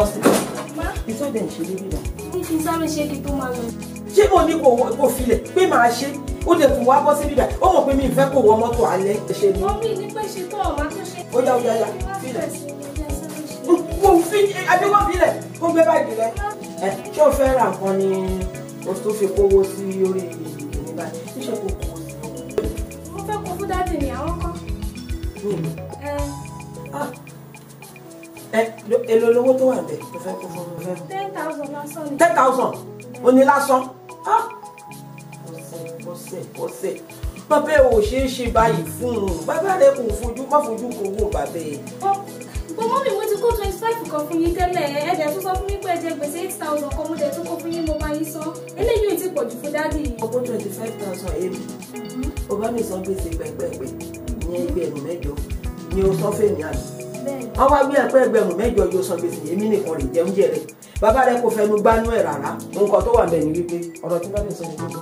bọ́sì ìtọ́ ìdẹ̀ ìṣe débi rẹ̀. kí n sáré ṣe kí tó máa lọ. ṣé o ní kò filẹ̀ pé màá ṣe ó lè tún wá bọ́ síbí rẹ̀ ó mọ̀ pé mi fẹ́ kó wọ mọ́tò alẹ́ ṣe ni. wọ́n bí ní pé ṣe tó ọ̀ máa tó ṣe. ó yá ó yá yá filẹ̀. mo fi adéwọ́ filẹ̀ kó gbé báyìí rẹ̀. ṣé o fẹ́ ra nǹkan ni o tún fi kówó sí orí ìgbìmọ̀ báyìí ṣíṣe kò kò sí. mo fẹ́ kó fún dáàdì ní àwọn kan èlò lówó tó wà bẹ̀ mo fẹ́ kó fún mi. ten thousand lásán ten thousand ó ní lásán ọ̀sẹ̀ ọ̀sẹ̀ bàbá ò ṣeé ṣe báyìí fún un bàbá rẹ kò fojú má fojú kò wò bàbá ẹ. bó mọ́mí mo ti kó twenty five kan fún yín tẹ́lẹ̀ ẹ̀jẹ̀ tó sọ fún mi pé ẹ̀jẹ̀ gbèsè eight thousand kan mo dẹ̀ tó kó fún yín mo bá yín san eléyìí ò ti pọ̀ jù fún dádì yìí. ọkọ twenty five thousand èmi ó mm-hmm. bá mi san gbèsè pẹ́pẹ́pẹ́ ìyẹn ẹgbẹ̀rún mẹ́jọ ni ó sọ fèmí àná wọ́n wá gbé ẹ̀pẹ́ ẹgbẹ̀rún mẹ́jọ yóò san gbèsè èmi nìkan rè jẹun jẹ rẹ bàbá rẹ kò fẹnu gbánú ẹ̀ rárá nǹkan tó wà bẹ́ẹ̀ ni wípé ọ̀rọ̀ tí bá lè sọ ní gbogbo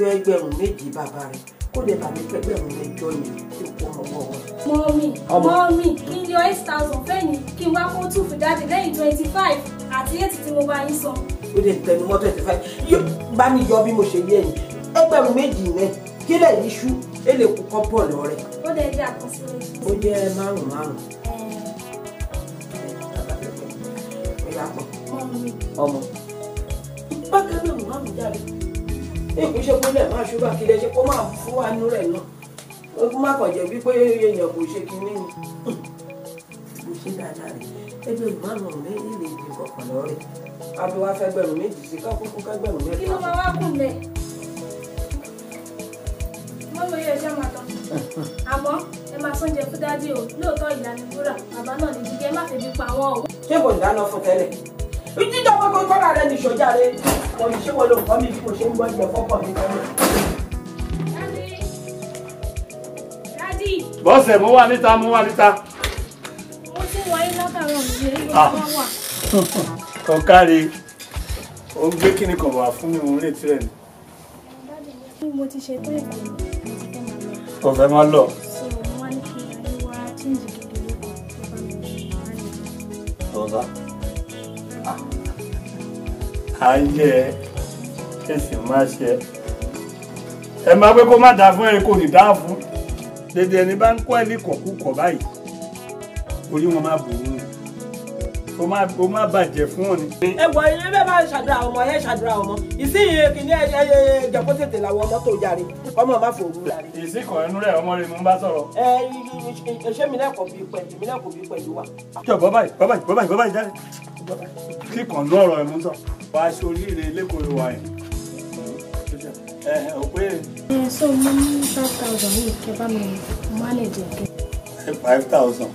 yọ ẹgbẹ̀rún méjì bàbá rẹ kó lè bàbá ẹgbẹ̀rún mẹ́jọ yẹn tó kó ọmọ wọn. mọ́mí mọ́mí kí n yọ eight thousand fẹ́yìn kí n wá kó two fi jáde lẹ́yìn twenty five àti eight tí mo bá yín san. ó lè tẹnu mọ́ twenty five bá mi yọ bí mo ṣe yẹ yìí ẹgbẹ̀rún méjì náà kílẹ̀ yìí ṣú èlé kú kọ́ pọ̀ lọ rẹ̀. ó dẹ̀ jẹ́ àkọsílẹ̀. ó jẹ́ márùn-ún márùn papọ̀ ọmọ. bákan náà màmá mi jáde èkó ṣe pé lẹ́ẹ̀ máa ṣubú àkílẹ̀ ṣe kó máa fún wa nú rẹ̀ náà ogun má kàn jẹ́ wípé èèyàn kò ṣe kinní ni kò ṣe dáadáa rẹ̀ ẹgbẹ́ ìmọ̀ràn rẹ̀ lè lè dìbò pọ̀ lọ́rẹ̀ àbí wàá fẹ́ gbẹ̀rún méjì sí kákókó kẹ́gbẹ̀rún mẹ́ta. kí ló máa wá kúnlẹ̀ olóyè ṣe máa tán àmọ́ ẹ máa sóúnjẹ fún dádì o lóòótọ́ ìyá ni wúrà bàbá náà ní jíjẹ má febi pa wọ́n o. ṣé kò ń dáná fún tẹ́lẹ̀ ìjíjà gbogbo kọ́ra rẹ nìṣó jáde kò ní ṣé wọ́n ló ń kọ́ mi bí mo ṣe ń gbọ́ jẹ fọ́pọ̀ mi tẹ́lẹ̀. dádì. bọ́sẹ̀ mo wà níta mo ah. wà níta. mo tún wọ iná kàrọ̀ mi rí ọgbọ́n wà. kọ̀ọ̀kárí ó gbé kíni kan wà fún mi òun retí rẹ̀ ni. mo ti ṣètò ìgbìmọ̀ tó fẹ́ máa lọ. tọ́lá ah. ayé ẹ kẹsì má ṣe ẹ má pé kó má dáa fún ẹ kò ní dáa fún dédé ẹni bá ń kọ́ ẹ ní o má o má bàjẹ́ fún ọ ni. ẹ wọ ilé bẹ́ẹ̀ máa ṣàdúrà ọmọ ẹ ṣàdúrà ọmọ ìsíyìí kìíní ẹ ẹ ẹ jẹ́ kó tètè làwọn ọmọ tó jáde ọmọ má fò wúra rẹ. ìsìnkàn ẹnu rẹ ọmọ rẹ mo ń bá sọ̀rọ̀. ẹ ẹ ṣé mi lẹ́kọ̀ọ́ bí pẹ̀lú mi lẹ́kọ̀ọ́ bí pẹ̀lú wa. jọ bọ́ báyìí bọ́ báyìí bọ́ báyìí bọ́ báyìí jáde kíkan ní ọ̀rọ̀ ẹ̀ mú sọ. wà á ṣe oríire lẹ́kọ̀ọ́ ìwà ẹ̀. ẹ ẹ ò pé. ẹ so mo ní five thousand yìí kẹ bá mi manage ẹ five thousand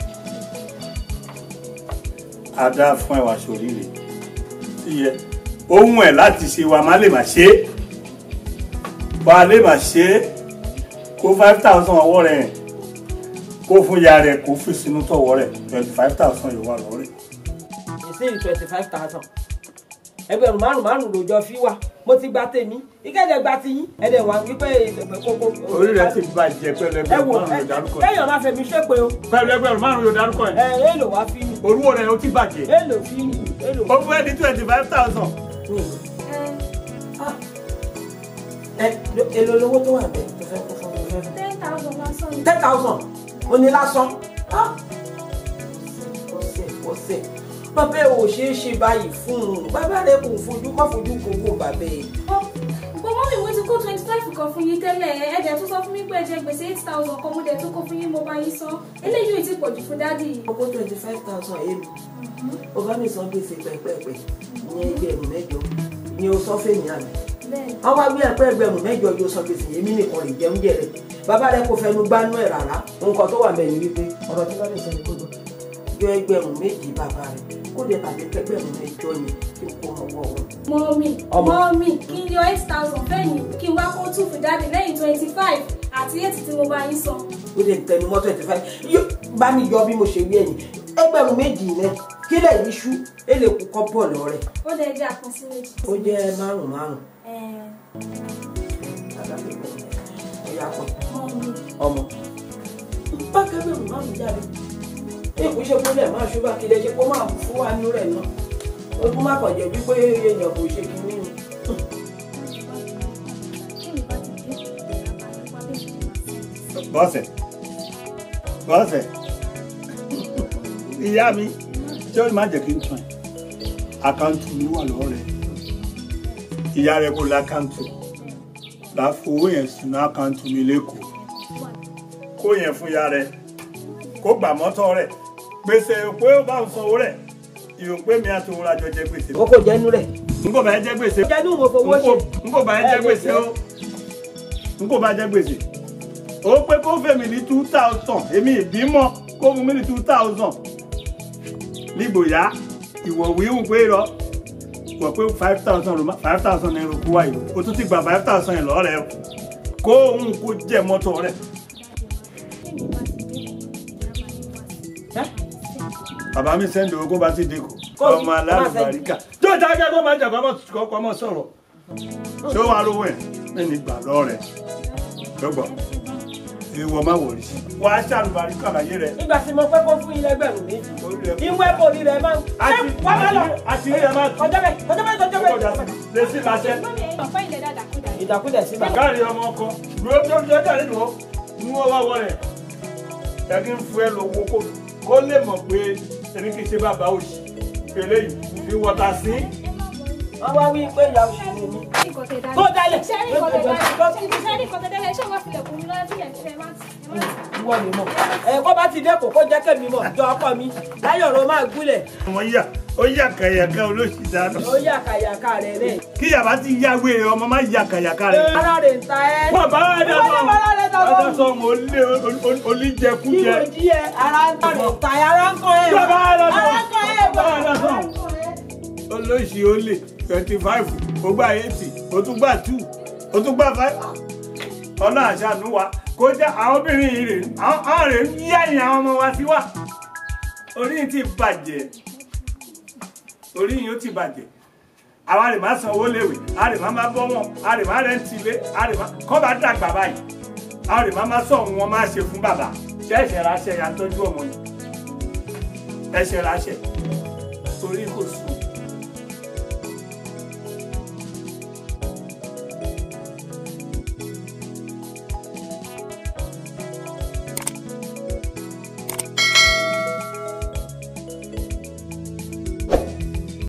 adá fún ẹwà sóríire yẹ ohun ẹ láti ṣe wa má lè má ṣe é bá a lè má ṣe é kó five thousand ọwọ́ rẹ̀ yẹn kó fún ya rẹ̀ kó fi sínú tọ̀wọ́ rẹ̀ twenty five thousand yóò wà lọ́rẹ̀. ìsìn twenty five thousand ẹgbẹ̀rún márùn márùn lòjọ fi wá mo ti gba tèmi ìkẹ́jẹ̀ gba ti yín ẹ̀dẹ̀ wà wípé kókó. orí rẹ ti bàjẹ́ pẹ̀lú ẹgbẹ̀rún márùn yóò dárúkọ yẹn. ẹ̀yọ̀ máa fẹ̀mí ṣépè o. pẹ̀lú ẹgbẹ̀rún márùn yóò dárúkọ yẹn. ẹ̀ ẹ̀ lò wá fi orúwọ rẹ o ti bàjẹ́. èlò ẹni twenty five thousand. èlò lówó tó wà bẹ́ẹ̀ tó fẹ́ kó fún mi. ten thousand lásán. ten thousand ó ní lásán. ọ̀sẹ̀ ọ̀sẹ̀ bàbá ò ṣeé ṣe báyìí fún un bàbá rẹ kò fojú kọ́ fojú kò wò bàbá yìí kó twenty five kan fún yín tẹ́lẹ̀ ẹ̀jẹ̀ tó sọ fún mi pé ẹ̀jẹ̀ gbèsè eight thousand kan mo dẹ̀ tó kó fún yín mo bá yín san eléyìí ti pọ̀jù fún dádì ọkọ twenty five thousand èmi mhm. ó bá mi sọ gbèsè pẹ́pẹ́pẹ́ ní ẹgbẹ̀rún mẹ́jọ ni o sọ fèmí àmì wọn wá gbé ẹgbẹ́ ẹgbẹ̀rún mẹ́jọ yóò sọ gbèsè èmi nìkan lè jẹun jẹrẹ bàbá rẹ kò fẹnu gbanú ẹ rárá nǹkan tó wà mẹ́rin wípé ọ̀rọ̀ tí wọ́n lè sọ ní kó kó lè bàjẹ́ pẹ́gbẹ̀rún mẹ́jọ yẹn kí n kó ọwọ́ wọn. mọ́mí mọ́mí kí n yọ eight thousand fẹ́yìn kí n wá kó two for dáadé lẹ́yìn twenty five àti eight tí mo bá yín sọ. ó lè tẹnu mọ́ twenty five bá mi yọ bí mo ṣe wí ẹ̀yìn ẹgbẹ̀rún méjì náà kí lè ní ṣú ẹ lè kú kọ́ bọ̀ lọ ó lè jẹ́ àkọsí ó jẹ́ márùn-ún márùn-ún. ọmọ bá kẹ́gbẹ̀rún márùn-ún jáde èkó ṣe kó lẹ̀ máa ṣubá kí lè ṣe kó máa fún wa nú rẹ̀ náà ó kó má kàn jẹ́ wípé èèyàn kò ṣe kí nínú. bọ́sẹ̀ bọ́sẹ̀ ìyá mi ṣé o má jẹ́ kí n tún ẹ̀ àkáǹtì mi wà lọ́wọ́ rẹ̀ ìyá rẹ̀ kò lákáǹtì la fowó yẹn sínú àkáǹtì mi lẹ́kọ̀ọ́ kó yẹn fún ya rẹ̀ kó gbà mọ́tọ́ rẹ̀ gbèsè òpè ó bá ń sanwó rẹ̀ ìròpé mi àti òun rajọ jẹ gbèsè. wọn kò jẹnu rẹ. n kò bá yẹn jẹ gbèsè. jẹnu mo fowó ṣe. n kò bá yẹn jẹ gbèsè o n kò bá jẹ gbèsè. ó pé kó fèmí ní two thousand èmi ìbímọ kó fún mi ní two thousand. nígbòyà ìwọ̀ wíwù pé rọ wọ̀ pé five thousand five thousand ní ìròkú wa yìí o tún ti gba five thousand yẹn lọ́rẹ̀ o kó òun kó jẹ mọ́tò rẹ̀ bàbá mi sẹ́ńdì ogún bá sì dínkù ọmọ alálùbáríkà tó ta jẹ́ kó máa jà kó máa kó máa sọ̀rọ̀ tó wàá lówó ẹ̀ mẹ́ni gbà lọ́rẹ̀ gbọ́gbọ́ ìwọ má wọ̀rí sí. wà á ṣàlùbáríkà láyé rẹ. ìgbà tí mo fẹ́ kó fún ilé ẹgbẹ̀rún méjì ìwé borí rẹ máa ń. àti wà á lọ àti ilé máa tún. ọjọ́ bẹ́ẹ̀ ọjọ́ bẹ́ẹ̀ ọjọ́ bẹ́ẹ̀. lè sí ìbáṣẹ. ìdàkúdà sí bàbá. káàrí ọmọ ọkọ lóòótọ́ lóòótọ́ nínú wọn wá wọlé ẹ̀kí ń fún ẹ lọ́wọ́ kó kó lè mọ̀ pé èmi kì í ṣe bàbá òṣì pèlè yìí fi wọ́ta sí. wọ́n wá wí pé ìyá òṣì ni mi. tó dalẹ̀ sẹ́rí ìkọ̀tẹ̀dálẹ̀ ṣé wọ́n filẹ̀ kún mi lọ́wọ́ tí yẹn máa ti. ìwọ bá ti dẹ́kun kó jẹ́ kẹ́mi mọ̀ jọ ọkọ mi láyọ̀rọ̀ máa gúnlẹ̀ ó yàkàyàkà olóṣì dáná. ó yàkàyàkà rẹ rẹ. kí yàrá ti yàgbé ọmọ má yàkàyàkà rẹ. ara rẹ̀ ń ta ẹ́. wọ́n bá wà dá sọ wọ́n dá sọ wọ́n lé olíjẹkújẹ. kí ló jí ẹ ara ń ta ta ẹ ara ń kọ ẹ. bàbá ara sọ bàbá ara sọ. olóṣì ó twenty five ó gbà eighty ó tún gbà two ó tún gbà five ọ̀nà àṣàánú wa kó jẹ́ àwọn obìnrin yìí rèé àwọn rèé ń yáyìn àwọn ọmọ wa sí wa orí ti bàjẹ́ orí yìí ó ti bàjẹ́ àwa rè má sanwó léwe a rè má má bọ́ wọn a rè má rẹ́ǹtì ilé a rè má kọ́ bá dàgbà báyìí a rè má má sọ ohun wọn má ṣe fún bàbá ṣẹ́ẹ̀ṣẹ̀ ra ṣe ya tọ́jú ọmọ yìí ẹ̀ṣẹ̀ ra ṣe.